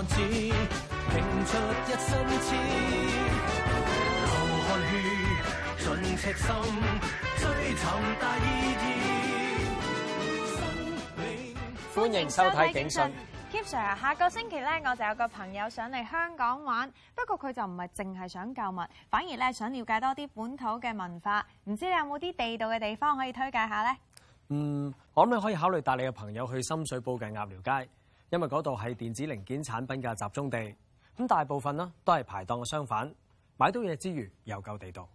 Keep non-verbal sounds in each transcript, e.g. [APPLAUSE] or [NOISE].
出一流汗血，盡赤心，追尋歡迎收睇《收看警訊》。K Sir，下個星期咧，我就有個朋友想嚟香港玩，不過佢就唔係淨係想購物，反而咧想了解多啲本土嘅文化。唔知道你有冇啲地道嘅地方可以推介一下咧？嗯，我諗你可以考慮帶你嘅朋友去深水埗嘅鴨寮街。因為嗰度係電子零件產品嘅集中地，咁大部分都係排檔嘅商販，買到嘢之餘又夠地道。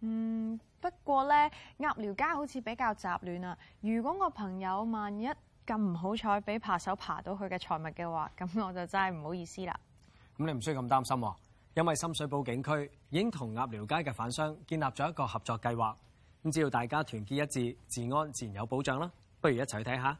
嗯，不過呢，鴨寮街好似比較雜亂啊。如果我朋友萬一咁唔好彩俾扒手扒到佢嘅財物嘅話，咁我就真係唔好意思啦。咁你唔需要咁擔心，因為深水埗警區已經同鴨寮街嘅販商建立咗一個合作計劃。咁只要大家團結一致，治安自然有保障啦。不如一齊睇下。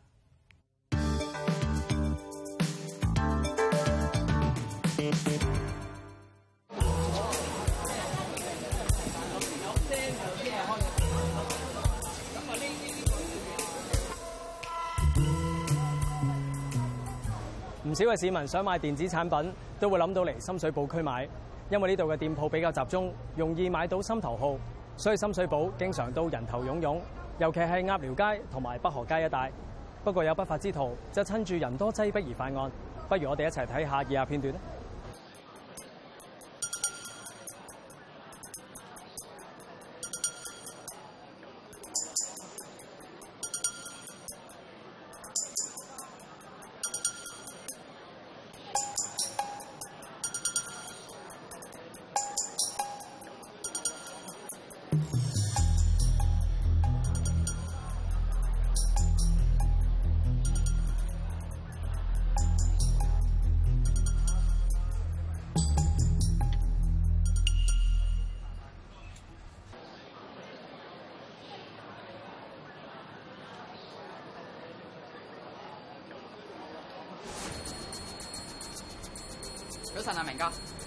唔少嘅市民想買電子產品，都會諗到嚟深水埗區買，因為呢度嘅店鋪比較集中，容易買到心頭好，所以深水埗經常都人頭湧湧，尤其係鴨寮街同埋北河街一帶。不過有不法之徒就趁住人多擠逼而犯案，不如我哋一齊睇下以下片段。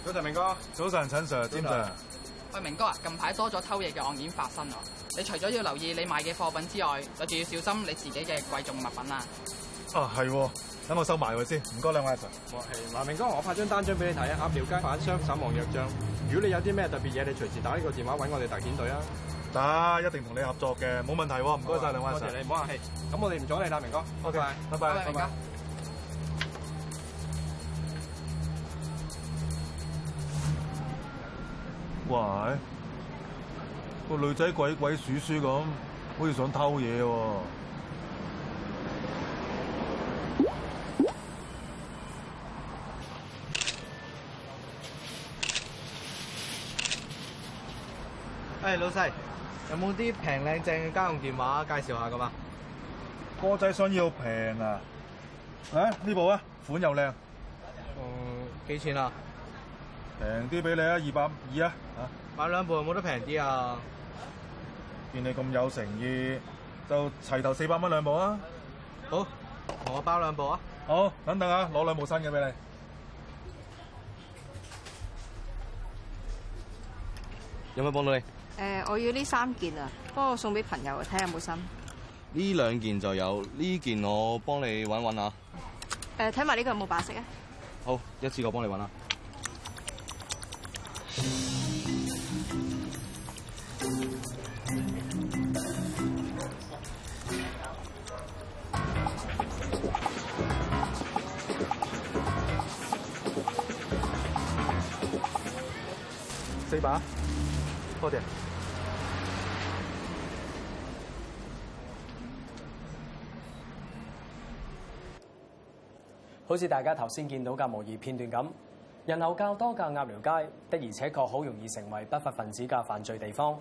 早晨，明哥。早晨，陳 Sir，點啊？喂，明哥啊，近排多咗偷嘢嘅案件發生啊，你除咗要留意你買嘅貨品之外，你仲要小心你自己嘅貴重物品啊。哦，係，等我收埋佢先。唔該，兩位阿 Sir。唔好氣。嗱，明哥，我拍張單張俾你睇啊，鴨寮街販商守望約章。如果你有啲咩特別嘢，你隨時打呢個電話揾我哋特遣隊啊。打，一定同你合作嘅，冇問題喎、啊。唔該晒，兩位阿 Sir。謝謝你，唔好客氣。咁我哋唔阻你啦，明哥。O K，bye b 啩係個女仔鬼鬼祟祟咁，好似想偷嘢喎、啊。誒、哎、老細，有冇啲平靚正嘅家用電話介紹下噶嘛？哥仔想要平啊！誒、哎、呢部啊，款又靚。誒、嗯、幾錢啊？平啲俾你啊，二百二啊，吓、啊、買兩部有冇得平啲啊？見你咁有誠意，就齊頭四百蚊，兩部啊！好，同我包兩部啊！好，等等啊，攞兩部新嘅俾你。有咩幫到你？誒、呃，我要呢三件啊，幫我送俾朋友，啊。睇下有冇新。呢兩件就有，呢件我幫你搵搵啊。誒、呃，睇埋呢個有冇白色啊？好，一次過幫你搵啊！四把，好啲。好似大家頭先見到嘅模擬片段咁。人流較多嘅鴨寮街，的而且確好容易成為不法分子嘅犯罪地方。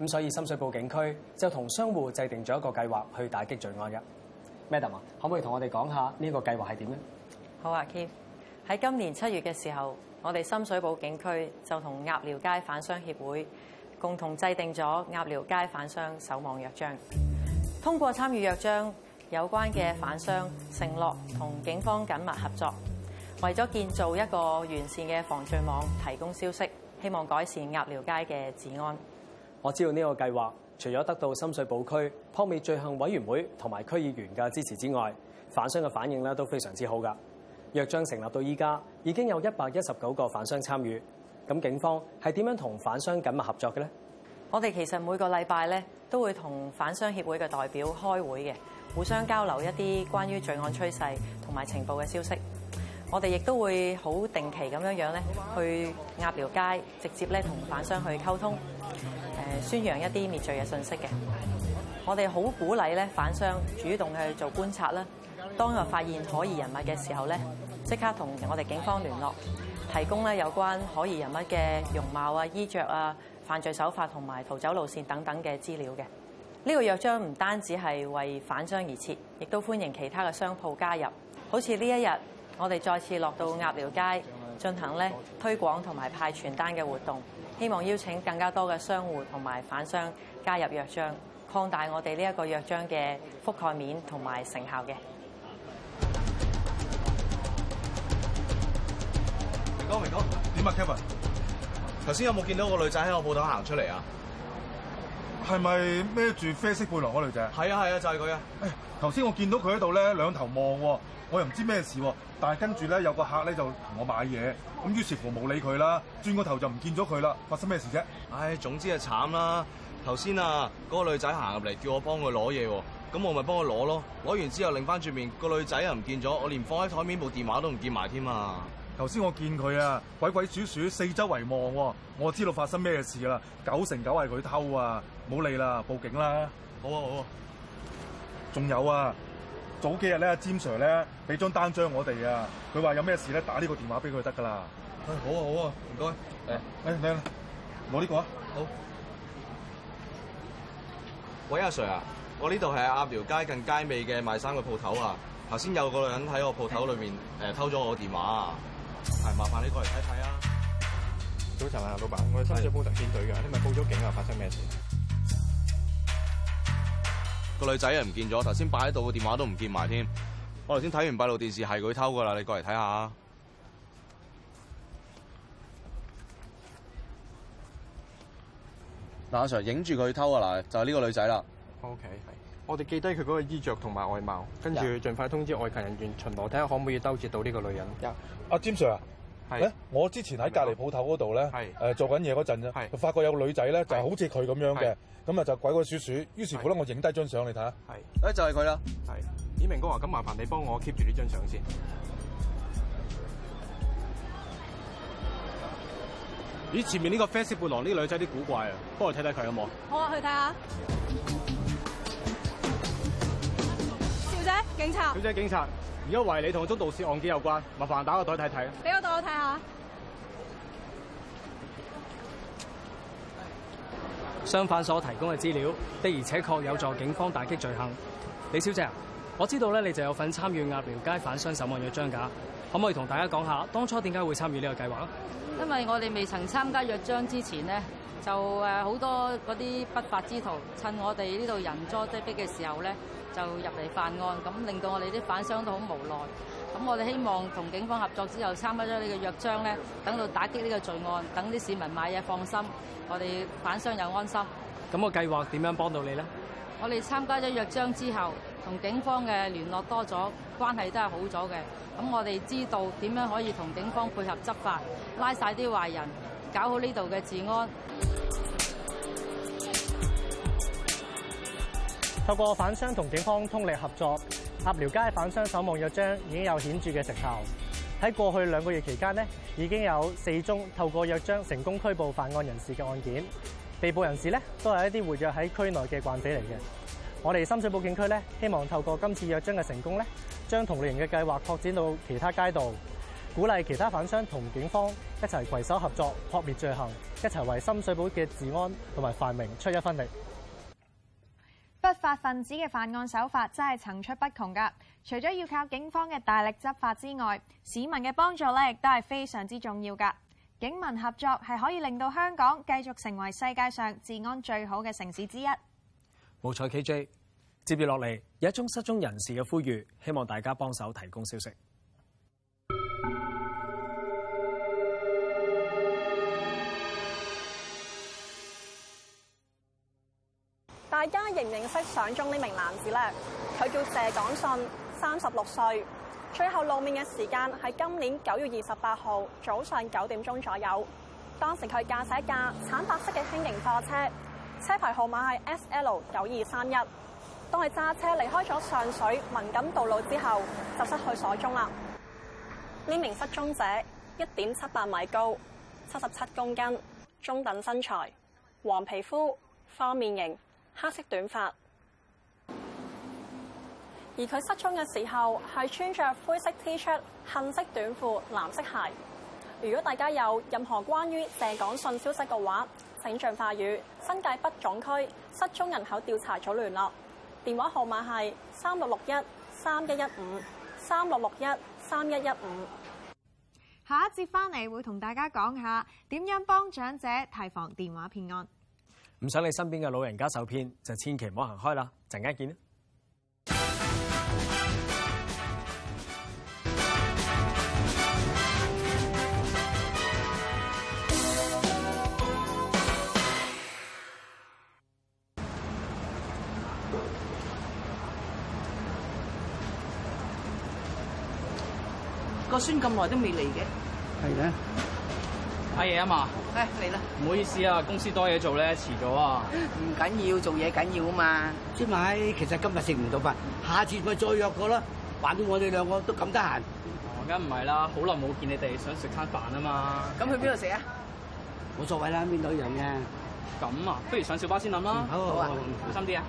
咁所以深水埗警區就同商戶制定咗一個計劃去打擊罪案嘅。Madam，可唔可以同我哋講下呢個計劃係點呢？好啊，Kim。喺今年七月嘅時候，我哋深水埗警區就同鴨寮街販商協會共同制定咗鴨寮街販商守望約章。通過參與約章，有關嘅販商承諾同警方緊密合作。為咗建造一個完善嘅防罪網，提供消息，希望改善鴨寮街嘅治安。我知道呢個計劃，除咗得到深水埗區撲滅罪行委員會同埋區議員嘅支持之外，販商嘅反應都非常之好㗎。約章成立到依家，已經有一百一十九個販商參與。咁警方係點樣同販商緊密合作嘅呢？我哋其實每個禮拜咧都會同販商協會嘅代表開會嘅，互相交流一啲關於罪案趨勢同埋情報嘅消息。我哋亦都會好定期咁樣樣咧，去鴨寮街，直接咧同販商去溝通，誒宣揚一啲滅罪嘅信息嘅。我哋好鼓勵咧販商主動去做觀察啦。當佢發現可疑人物嘅時候咧，即刻同我哋警方聯絡，提供咧有關可疑人物嘅容貌啊、衣著啊、犯罪手法同埋逃走路線等等嘅資料嘅。呢、這個約章唔單止係為販商而設，亦都歡迎其他嘅商鋪加入。好似呢一日。我哋再次落到鴨寮街進行咧推廣同埋派傳單嘅活動，希望邀請更加多嘅商戶同埋販商加入約章，擴大我哋呢一個約章嘅覆蓋面同埋成效嘅。明哥，明哥，點啊，Kevin？頭先有冇見到個女仔喺我鋪頭行出嚟啊？係咪孭住啡色背囊嗰女仔？係啊，係啊，就係佢啊！誒，頭先我見到佢喺度咧，兩頭望喎、啊。我又唔知咩事喎，但係跟住咧有個客咧就同我買嘢，咁於是乎冇理佢啦，轉個頭就唔見咗佢啦。發生咩事啫？唉、哎，總之係慘啦。頭先啊，嗰個女仔行入嚟叫我幫佢攞嘢喎，咁我咪幫佢攞咯。攞完之後轉，擰翻轉面個女仔又唔見咗，我連放喺台面部電話都唔見埋添啊！頭先我見佢啊，鬼鬼祟祟，四周圍望，我知道發生咩事啦，九成九係佢偷啊！冇理啦，報警啦！好啊好啊，仲有啊！早幾日咧，阿詹 Sir 咧俾張單張我哋啊，佢話有咩事咧打呢個電話俾佢就得㗎啦。好啊好啊，唔該。誒、哎，誒，你我呢個啊。好。喂，阿、啊、Sir 啊，我呢度係阿鴨寮街近街尾嘅賣衫嘅鋪頭啊。頭先有個女人喺我鋪頭裏面誒、欸、偷咗我電話啊，係，麻煩你過嚟睇睇啊。早晨啊，老闆，我係深水埗特警隊嘅，你咪報咗警啊，發生咩事、啊？個女仔又唔見咗，頭先擺喺度個電話都唔見埋添。我頭先睇完閉路電視，係佢偷噶啦，你過嚟睇下。嗱，阿 Sir，影住佢偷啊！嗱，就係、是、呢個女仔啦。O、okay, K，、yes. 我哋記低佢嗰個衣着同埋外貌，跟住盡快通知外勤人員巡邏，睇下可唔可以兜截到呢個女人。阿、yes. 詹、ah, Sir。啊！誒、欸，我之前喺隔離鋪頭嗰度咧，誒做緊嘢嗰陣啫，就、呃、發覺有個女仔咧，就好似佢咁樣嘅，咁啊就鬼鬼祟祟，於是乎咧我影低張相你睇下，係，誒就係佢啦。係，明哥啊，咁麻煩你幫我 keep 住呢張相先。咦，前面呢個啡色背囊呢個女仔啲古怪啊，幫我睇睇佢有冇？好啊，去睇下。小姐，警察。小姐，警察。因為懷疑你同嗰宗盜竊案件有關，麻煩打個袋睇睇。俾個袋我睇下。相反，所提供嘅資料的而且確有助警方打擊罪行。李小姐，我知道咧，你就有份參與鴨寮街販商守望約章㗎，可唔可以同大家講下當初點解會參與呢個計劃？因為我哋未曾參加約章之前呢，就誒好多嗰啲不法之徒，趁我哋呢度人多擠迫嘅時候咧，就入嚟犯案，咁令到我哋啲販商都好無奈。咁我哋希望同警方合作之後，參加咗呢個約章咧，等到打擊呢個罪案，等啲市民買嘢放心，我哋販商又安心。咁個計劃點樣幫到你咧？我哋參加咗約章之後，同警方嘅聯絡多咗，關係都係好咗嘅。咁我哋知道點樣可以同警方配合執法，拉晒啲壞人，搞好呢度嘅治安。透過販商同警方通力合作，鴨寮街販商守望約章已經有顯著嘅成效。喺過去兩個月期間呢，已經有四宗透過約章成功拘捕犯案人士嘅案件。被捕人士呢，都係一啲活躍喺區內嘅慣匪嚟嘅。我哋深水埗警區呢，希望透過今次約章嘅成功呢，將同類型嘅計劃擴展到其他街道，鼓勵其他販商同警方一齊攜手合作，撲滅罪行，一齊為深水埗嘅治安同埋繁榮出一分力。不法分子嘅犯案手法真係層出不窮噶，除咗要靠警方嘅大力執法之外，市民嘅幫助咧亦都係非常之重要噶。警民合作係可以令到香港繼續成為世界上治安最好嘅城市之一。冇錯，KJ，接住落嚟有一宗失蹤人士嘅呼籲，希望大家幫手提供消息。大家認唔認識相中呢名男子咧，佢叫謝廣信，三十六歲。最後露面嘅時間係今年九月二十八號早上九點鐘左右。當時佢駕駛一架橙白色嘅輕型貨車，車牌號碼係 S L 九二三一。當佢揸車離開咗上水文錦渡路之後，就失去所蹤啦。呢名失蹤者一點七八米高，七十七公斤，中等身材，黃皮膚，花面型。黑色短髮，而佢失蹤嘅時候係穿着灰色 T 恤、杏色短褲、藍色鞋。如果大家有任何關於謝港信消息嘅話，請盡快與新界北總區失蹤人口調查組聯絡，電話號碼係三六六一三一一五三六六一三一一五。下一節翻嚟會同大家講下點樣幫長者提防電話騙案。唔想你身邊嘅老人家受騙，就千祈唔好行開啦！陣間見啦。個孫咁耐都未嚟嘅，係咧。買嘢啊嘛？哎，嚟啦！唔好意思啊，公司多嘢做咧，遲咗啊。唔緊要，做嘢緊要啊嘛。朱米，其實今日食唔到飯，下次咪再約過啦。還到我哋兩個都咁得閒。梗唔係啦，好耐冇見你哋，想食餐飯啊嘛。咁去邊度食啊？冇所謂啦，邊度都一樣嘅。咁啊，不如上小巴先諗啦。好啊，嗯、小心啲啊！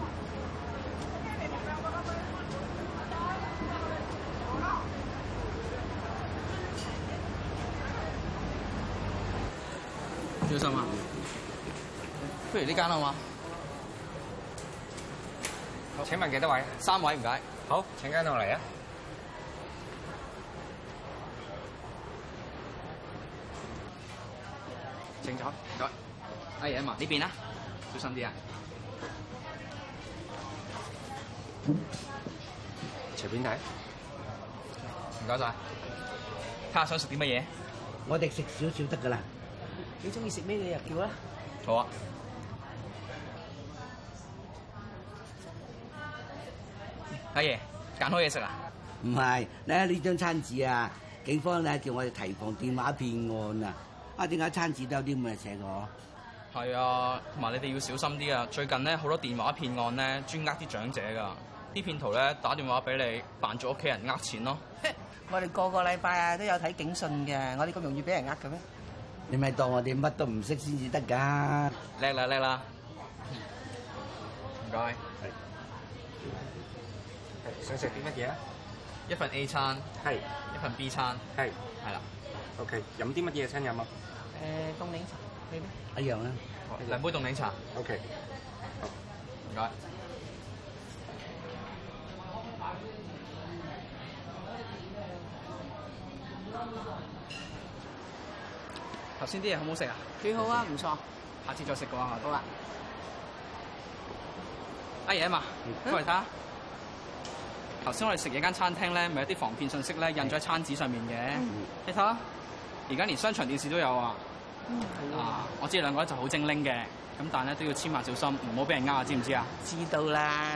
小心啊！不如呢間好嘛？請問幾多位？三位唔該。好，請跟到嚟啊！請坐，坐。哎呀嘛，呢邊啊，小心啲啊！隨便睇，唔該晒。睇下想食啲乜嘢？我哋食少少得噶啦。你中意食咩？你又叫啦。好啊。阿爺，揀好嘢食啦。唔係，睇下呢張餐紙啊！警方咧叫我哋提防電話騙案啊！啊，點解餐紙都有啲咁嘅嘢嘅？嗬。係啊，同埋你哋要小心啲啊！最近咧好多電話騙案咧，專呃啲長者㗎。啲騙徒咧打電話俾你，扮做屋企人呃錢咯 [LAUGHS] 我哋個個禮拜啊都有睇警訊嘅，我哋咁容易俾人呃嘅咩？你咪當我哋乜都唔識先至得㗎，叻啦叻啦！唔該，係。係，想食啲乜嘢啊？一份 A 餐，係。一份 B 餐，係。係啦。OK，飲啲乜嘢餐飲啊？誒，凍檸茶，係。一樣啦。兩杯凍檸茶。OK。唔該。先啲嘢好唔好食啊？幾好啊，唔錯。下次再食過啊。好啦，阿爺阿嫲，過嚟睇下。頭先我哋食嘢間餐廳咧，咪有啲防騙信息咧，印咗喺餐紙上面嘅、嗯。你睇下，而家連商場電視都有啊。嗯，係咯。啊，我知兩個一就好精靈嘅，咁但係咧都要千萬小心，唔好俾人呃、嗯，知唔知啊？知道啦。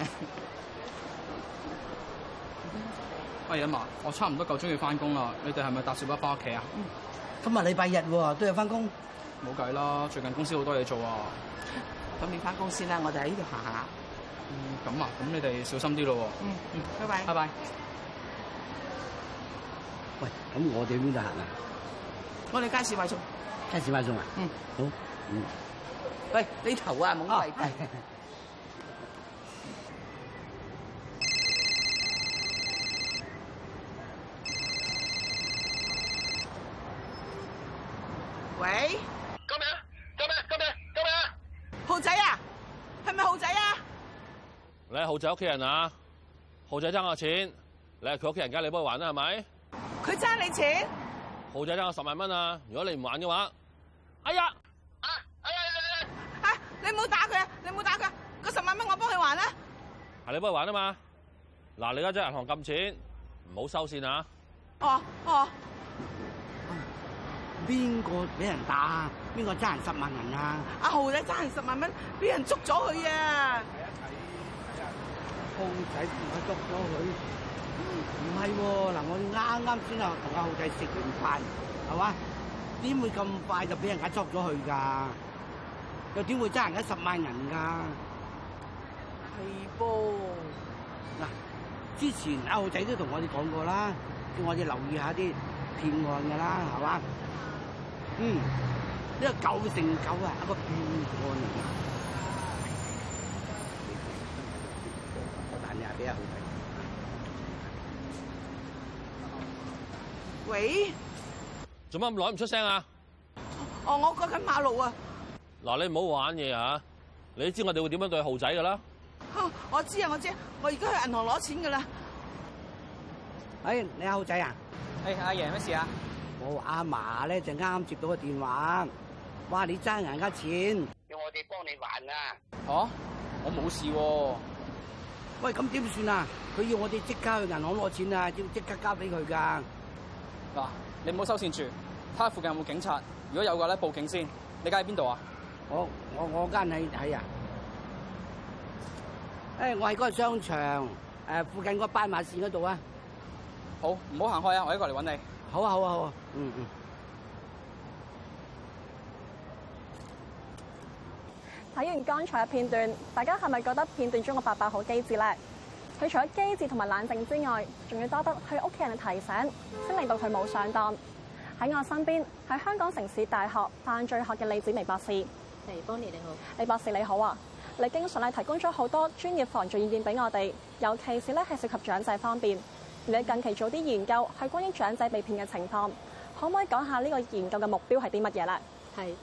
阿爺阿嫲，我差唔多夠鍾要翻工啦。你哋係咪搭小巴翻屋企啊？嗯。今日禮拜日喎，都有翻工。冇計啦，最近公司好多嘢做啊。咁你翻工先啦，我就喺呢度行下。嗯，咁啊，咁你哋小心啲咯喎。嗯嗯，拜拜。拜拜。喂，咁我哋喺邊度行啊？我哋街市買餸。街市買餸啊？嗯，好。嗯。喂，你頭啊，冇圍 [LAUGHS] 喂，救命！救命！救命！救命啊！豪、啊啊啊、仔啊，係咪豪仔啊？你係豪仔屋企人啊？豪仔爭我錢，你係佢屋企人，家，你幫佢還啊？係咪？佢爭你錢？豪仔爭我十萬蚊啊！如果你唔還嘅話，哎呀，啊，哎呀，哎呀啊，你唔好打佢啊，你唔好打佢，嗰十萬蚊我幫佢還啦。係你幫佢還啊嘛？嗱，你家姐銀行撳錢，唔好收線啊！哦，哦。邊個俾人打？邊個揸人十萬銀啊？阿浩仔揸人十萬蚊，俾人捉咗佢啊！係啊、嗯、啊！係啊，浩仔唔係捉咗佢？唔係喎，嗱，我啱啱先啊同阿浩仔食完飯，係嘛？點會咁快就俾人家捉咗佢噶？又點會揸人家十萬銀噶？係噃，嗱，之前阿浩仔都同我哋講過啦，叫我哋留意一下啲騙案噶啦，係嘛？嗯，呢個九成九啊，一個平安。得喂，做乜咁耐唔出聲啊？哦，我過緊馬路啊。嗱，你唔好玩嘢啊？你知我哋會點樣對豪仔噶啦、哦？我知啊，我知，我而家去銀行攞錢噶啦。哎，你阿豪仔啊？哎，阿爺，咩事啊？哦、阿嫲咧就啱啱接到個電話，話你爭人家錢，啊、錢，要我哋幫你還啊！哦，我冇事喎。喂，咁點算啊？佢要我哋即刻去銀行攞錢啊，要即刻交俾佢噶。嗱，你唔好收線住。睇下附近有冇警察？如果有嘅話咧，報警先。你家喺邊度啊？我我我家喺喺啊。誒、欸，我喺嗰個商場誒、呃，附近嗰個斑馬線嗰度啊。好，唔好行開啊！我即刻嚟搵你。好啊，好啊，好啊。嗯嗯。睇完剛才嘅片段，大家係咪覺得片段中嘅伯伯好機智咧？佢除咗機智同埋冷靜之外，仲要多得佢屋企人嘅提醒，先令到佢冇上當。喺我身邊，喺香港城市大學犯罪學嘅李子薇博士。李博士你好。李博士你好啊。你經常咧提供咗好多專業防罪意見俾我哋，尤其是咧係涉及長者方面。你近期做啲研究，係關於長者被騙嘅情況，可唔可以講下呢個研究嘅目標係啲乜嘢咧？係，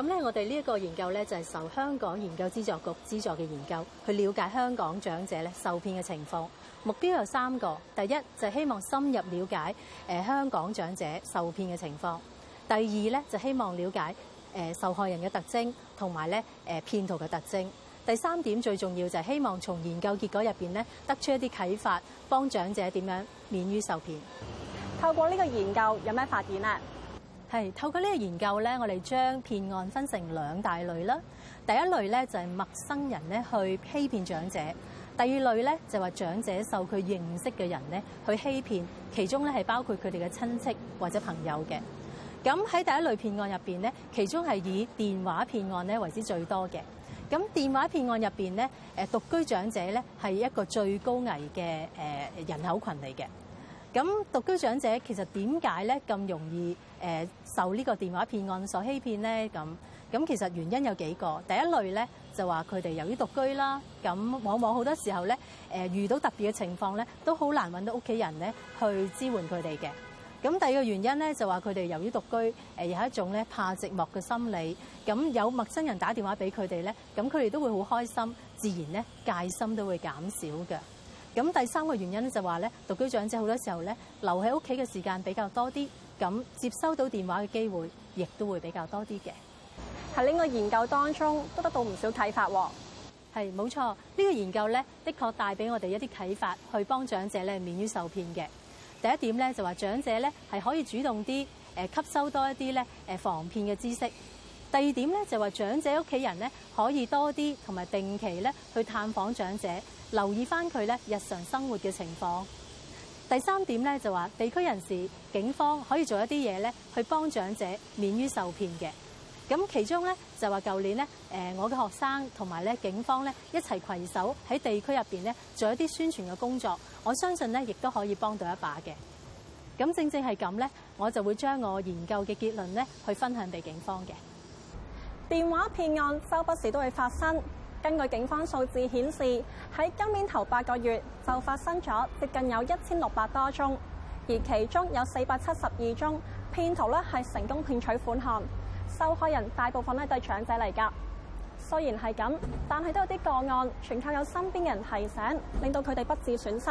咁咧我哋呢一個研究咧就係受香港研究資助局資助嘅研究，去了解香港長者咧受騙嘅情況。目標有三個，第一就係希望深入了解誒香港長者受騙嘅情況；第二咧就希望了解誒受害人嘅特徵，同埋咧誒騙徒嘅特徵。第三點最重要就係希望從研究結果入邊咧，得出一啲啟發，幫長者點樣免於受騙。透過呢個研究有咩發現呢？係透過呢個研究咧，我哋將騙案分成兩大類啦。第一類咧就係陌生人咧去欺騙長者，第二類咧就話長者受佢認識嘅人咧去欺騙，其中咧係包括佢哋嘅親戚或者朋友嘅。咁喺第一類騙案入邊咧，其中係以電話騙案咧為之最多嘅。咁電話騙案入面咧，誒獨居長者咧係一個最高危嘅誒人口群嚟嘅。咁獨居長者其實點解咧咁容易誒受呢個電話騙案所欺騙咧？咁咁其實原因有幾個。第一類咧就話佢哋由於獨居啦，咁往往好多時候咧誒遇到特別嘅情況咧，都好難搵到屋企人咧去支援佢哋嘅。咁第二個原因咧，就話佢哋由於獨居，誒、呃、有一種咧怕寂寞嘅心理。咁有陌生人打電話俾佢哋咧，咁佢哋都會好開心，自然咧戒心都會減少嘅。咁第三個原因呢就話咧，獨居長者好多時候咧留喺屋企嘅時間比較多啲，咁接收到電話嘅機會亦都會比較多啲嘅。喺呢個研究當中都得到唔少睇法喎。係冇錯，呢、這個研究咧，的確帶俾我哋一啲啟發，去幫長者咧免於受騙嘅。第一點咧，就話長者咧係可以主動啲，誒，吸收多一啲咧，誒，防騙嘅知識。第二點咧，就話長者屋企人咧，可以多啲同埋定期咧去探訪長者，留意翻佢咧日常生活嘅情況。第三點咧，就話地區人士、警方可以做一啲嘢咧去幫長者免於受騙嘅。咁其中咧就話，舊年咧誒，我嘅學生同埋咧警方咧一齊攜手喺地區入面咧做一啲宣傳嘅工作。我相信咧，亦都可以幫到一把嘅。咁正正係咁咧，我就會將我研究嘅結論咧去分享俾警方嘅電話騙案，周不時都會發生。根據警方數字顯示，喺今年頭八個月就發生咗接近有一千六百多宗，而其中有四百七十二宗騙徒咧係成功騙取款項。受害人大部分咧對長者嚟㗎，雖然係咁，但係都有啲個案全靠有身邊人提醒，令到佢哋不致損失。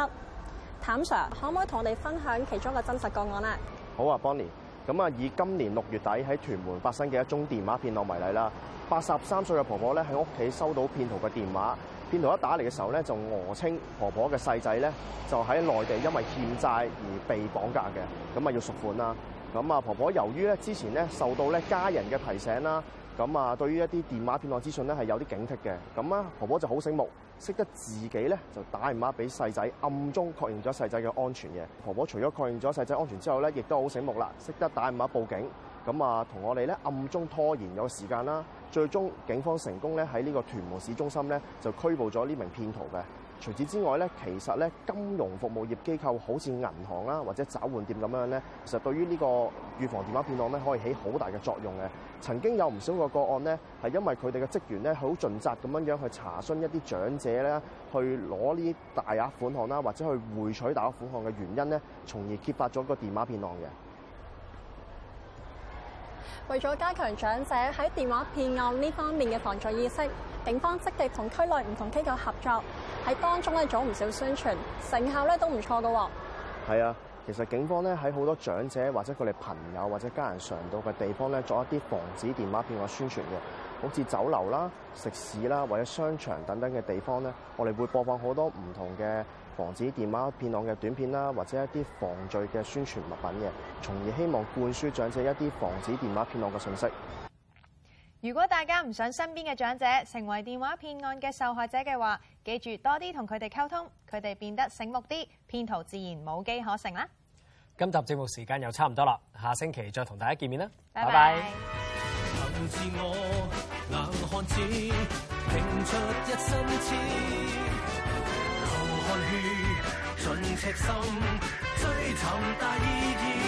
譚 Sir，可唔可以同我哋分享其中嘅真實個案咧？好啊，Bonnie。咁啊，以今年六月底喺屯門發生嘅一宗電話騙案為例啦，八十三歲嘅婆婆咧喺屋企收到騙徒嘅電話，騙徒一打嚟嘅時候咧就訛稱婆婆嘅細仔咧就喺內地因為欠債而被綁架嘅，咁啊要贖款啦。咁啊，婆婆由於咧之前咧受到咧家人嘅提醒啦，咁啊，對於一啲電話騙案資訊咧係有啲警惕嘅。咁啊，婆婆就好醒目，識得自己咧就打電話俾細仔，暗中確認咗細仔嘅安全嘅。婆婆除咗確認咗細仔安全之後咧，亦都好醒目啦，識得打電話報警。咁啊，同我哋咧暗中拖延有時間啦。最終警方成功咧喺呢個屯門市中心咧就拘捕咗呢名騙徒嘅。除此之外咧，其實咧，金融服務業機構好似銀行啦，或者找換店咁樣咧，其實對於呢個預防電話騙案咧，可以起好大嘅作用嘅。曾經有唔少個個案咧，係因為佢哋嘅職員咧，好盡責咁樣去查詢一啲長者咧，去攞呢大額款項啦，或者去匯取大額款項嘅原因咧，從而揭發咗個電話騙案嘅。為咗加強長者喺電話騙案呢方面嘅防罪意識。警方積極同區內唔同機構合作，喺當中咧做唔少宣傳，成效咧都唔錯㗎。係啊，其實警方咧喺好多長者或者佢哋朋友或者家人常到嘅地方咧，做一啲防止電話騙案宣傳嘅，好似酒樓啦、食肆啦或者商場等等嘅地方咧，我哋會播放好多唔同嘅防止電話騙案嘅短片啦，或者一啲防罪嘅宣傳物品嘅，從而希望灌輸長者一啲防止電話騙案嘅信息。如果大家唔想身邊嘅長者成為電話騙案嘅受害者嘅話，記住多啲同佢哋溝通，佢哋變得醒目啲，騙徒自然冇機可乘啦。今集節目時間又差唔多啦，下星期再同大家見面啦，bye bye 拜拜。 [MUSIC]